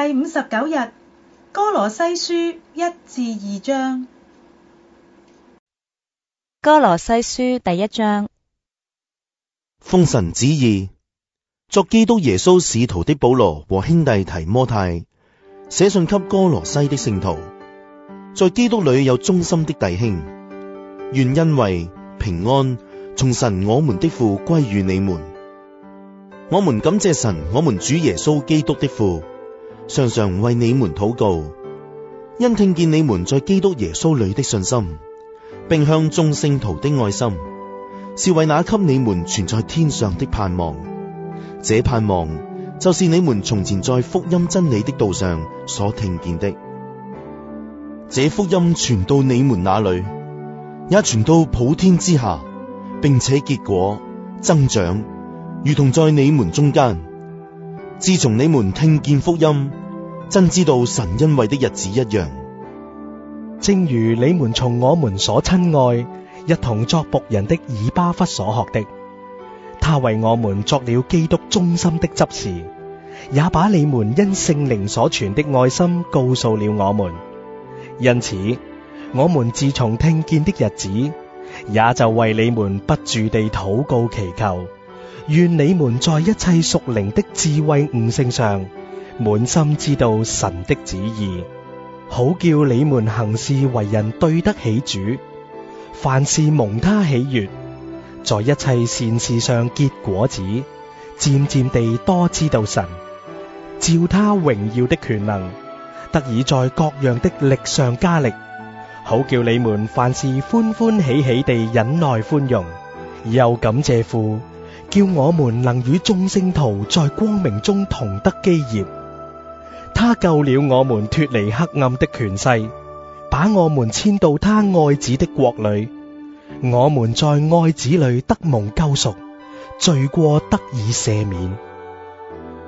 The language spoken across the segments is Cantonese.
第五十九日，歌羅西書一至二章。歌羅西書第一章，奉神旨意，作基督耶穌使徒的保羅和兄弟提摩太，寫信給歌羅西的聖徒，在基督裏有忠心的弟兄，願因為平安，從神我們的父歸於你們。我們感謝神，我們主耶穌基督的父。常常為你們禱告，因聽見你們在基督耶穌裏的信心，並向眾聖徒的愛心，是為那給你們存在天上的盼望。這盼望就是你們從前在福音真理的道上所聽見的。這福音傳到你們那裏，也傳到普天之下，並且結果增長，如同在你們中間。自從你們聽見福音，真知道神恩惠的日子一樣，正如你們從我們所親愛、一同作僕人的以巴弗所學的，他為我們作了基督忠心的執事，也把你們因聖靈所存的愛心告訴了我們。因此，我們自從聽見的日子，也就為你們不住地禱告祈求，願你們在一切屬靈的智慧悟性上，滿心知道神的旨意，好叫你們行事為人對得起主，凡事蒙他喜悅，在一切善事上結果子，漸漸地多知道神，照他榮耀的權能，得以在各樣的力上加力，好叫你們凡事歡歡喜喜地忍耐寬容，又感謝父，叫我們能與眾聖徒在光明中同得基業。他救了我們脫離黑暗的權勢，把我們遷到他愛子的國裏。我們在愛子裏得蒙救贖，罪過得以赦免。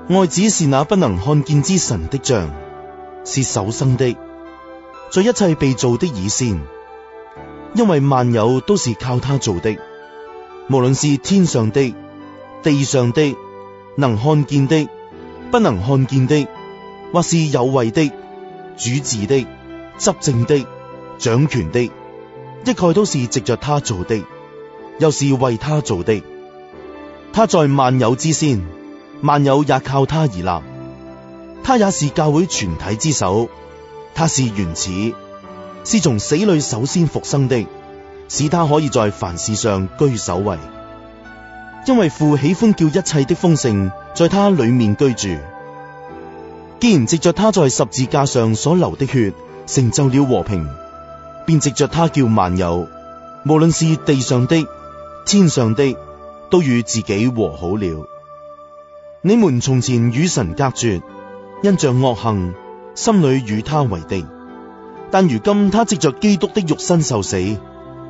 愛子是那不能看見之神的像，是首生的，在一切被造的以先，因為萬有都是靠他造的，無論是天上的、地上的、能看見的、不能看見的。或是有位的、主治的、執政的、掌權的，一概都是藉著他做的，又是為他做的。他在萬有之先，萬有也靠他而立。他也是教會全體之首。他是原始，是從死裏首先復生的，使他可以在凡事上居首位。因為父喜歡叫一切的豐盛在他裏面居住。既然藉着他在十字架上所流的血成就了和平，便藉着他叫萬有，無論是地上的、天上的，都與自己和好了。你們從前與神隔絕，因着惡行，心裏與他為敵；但如今他藉着基督的肉身受死，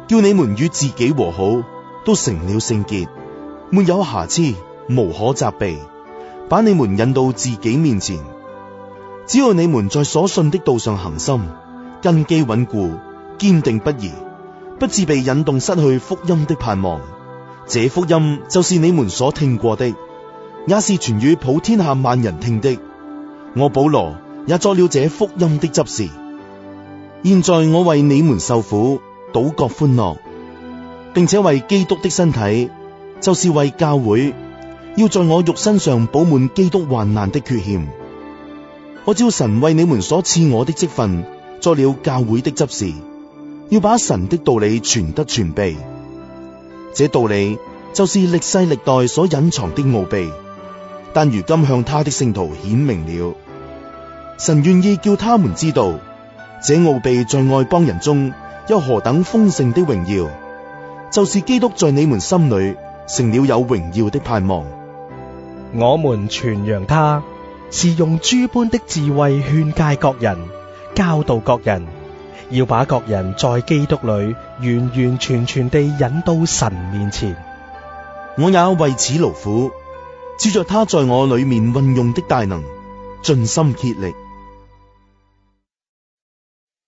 叫你們與自己和好，都成了聖潔，沒有瑕疵，無可責備，把你們引到自己面前。只要你們在所信的道上恒心，根基穩固，堅定不移，不致被引動失去福音的盼望。這福音就是你們所聽過的，也是傳與普天下萬人聽的。我保羅也作了這福音的執事。現在我為你們受苦，倒覺歡樂，並且為基督的身體，就是為教會，要在我肉身上補滿基督患難的缺欠。我照神為你們所賜我的職分，作了教會的執事，要把神的道理傳得全備。這道理就是歷世歷代所隱藏的奧秘，但如今向他的聖徒顯明了。神願意叫他們知道，這奧秘在外邦人中有何等豐盛的榮耀，就是基督在你們心裏成了有榮耀的盼望。我們傳揚他。是用諸般的智慧勸誡各人、教導各人，要把各人在基督裏完完全全地引到神面前。我也為此勞苦，照着他在我裏面運用的大能，盡心竭力。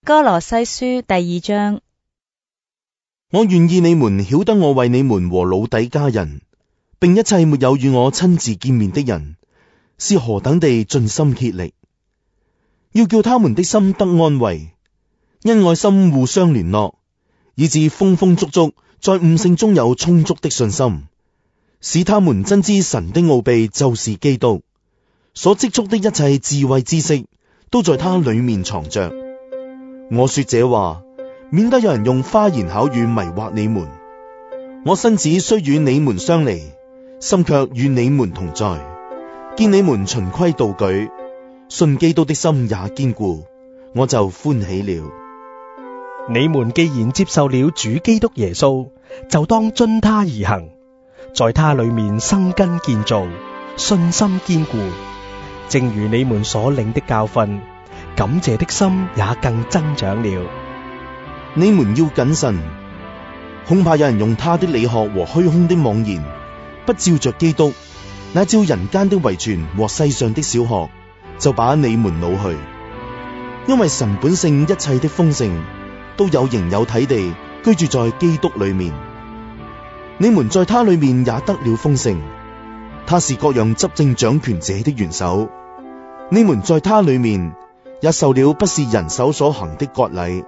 哥羅西書第二章，我願意你們曉得我為你們和老底嘉人，並一切沒有與我親自見面的人。是何等地盡心竭力，要叫他們的心得安慰，因愛心互相聯絡，以致豐豐足足，在悟性中有充足的信心，使他們真知神的奧秘就是基督。所積蓄的一切智慧知識，都在他裏面藏着。我說這話，免得有人用花言巧語迷惑你們。我身子雖與你們相離，心卻與你們同在。見你們循規蹈矩、信基督的心也堅固，我就歡喜了。你們既然接受了主基督耶穌，就當遵他而行，在他裏面生根建造，信心堅固。正如你們所領的教訓，感謝的心也更增長了。你們要謹慎，恐怕有人用他的理學和虛空的妄言，不照着基督。乃照人間的遺傳和世上的小學，就把你們老去，因為神本性一切的豐盛都有形有體地居住在基督裏面。你們在他裏面也得了豐盛，他是各樣執政掌權者的元首。你們在他裏面也受了不是人手所行的割禮，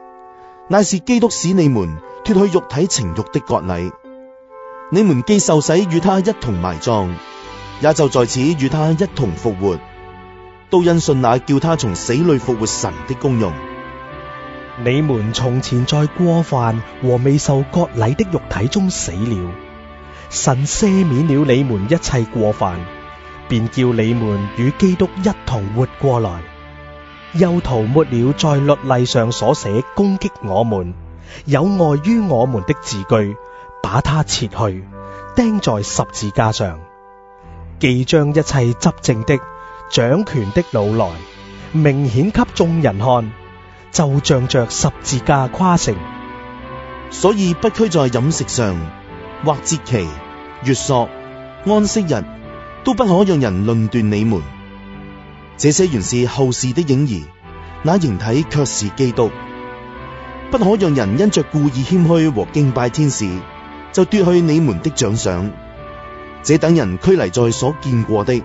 乃是基督使你們脫去肉體情欲的割禮。你們既受洗與他一同埋葬。也就在此與他一同復活，都因信那叫他從死裏復活神的功用。你們從前在過犯和未受割禮的肉體中死了，神赦免了你們一切過犯，便叫你們與基督一同活過來。又塗抹了在律例上所寫攻擊我們有礙於我們的字句，把它切去，釘在十字架上。既將一切執政的掌權的擄來，明顯給眾人看，就仗着十字架誇勝。所以不拘在飲食上，或節期、月朔、安息日，都不可讓人論斷你們。這些原是後事的影兒，那形體卻是基督。不可讓人因着故意謙虛和敬拜天使，就奪去你們的獎賞。這等人拘泥在所見過的，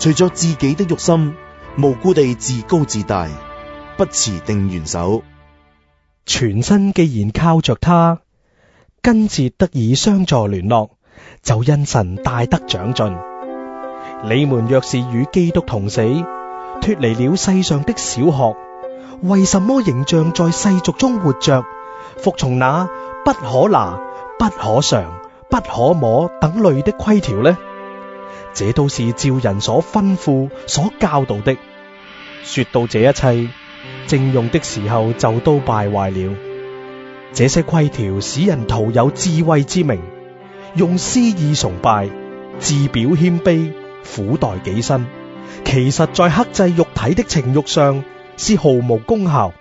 隨著自己的欲心，無辜地自高自大，不持定元首。全身既然靠着他，筋節得以相助聯絡，就因神大得長進。你們若是與基督同死，脫離了世上的小學，為什麼仍像在世俗中活着，服從那不可拿不可嘗？不可摸等類的規條呢？這都是照人所吩咐、所教導的。說到這一切，正用的時候就都敗壞了。這些規條使人徒有智慧之名，用私意崇拜，自表謙卑，苦待己身，其實，在克制肉體的情慾上是毫無功效。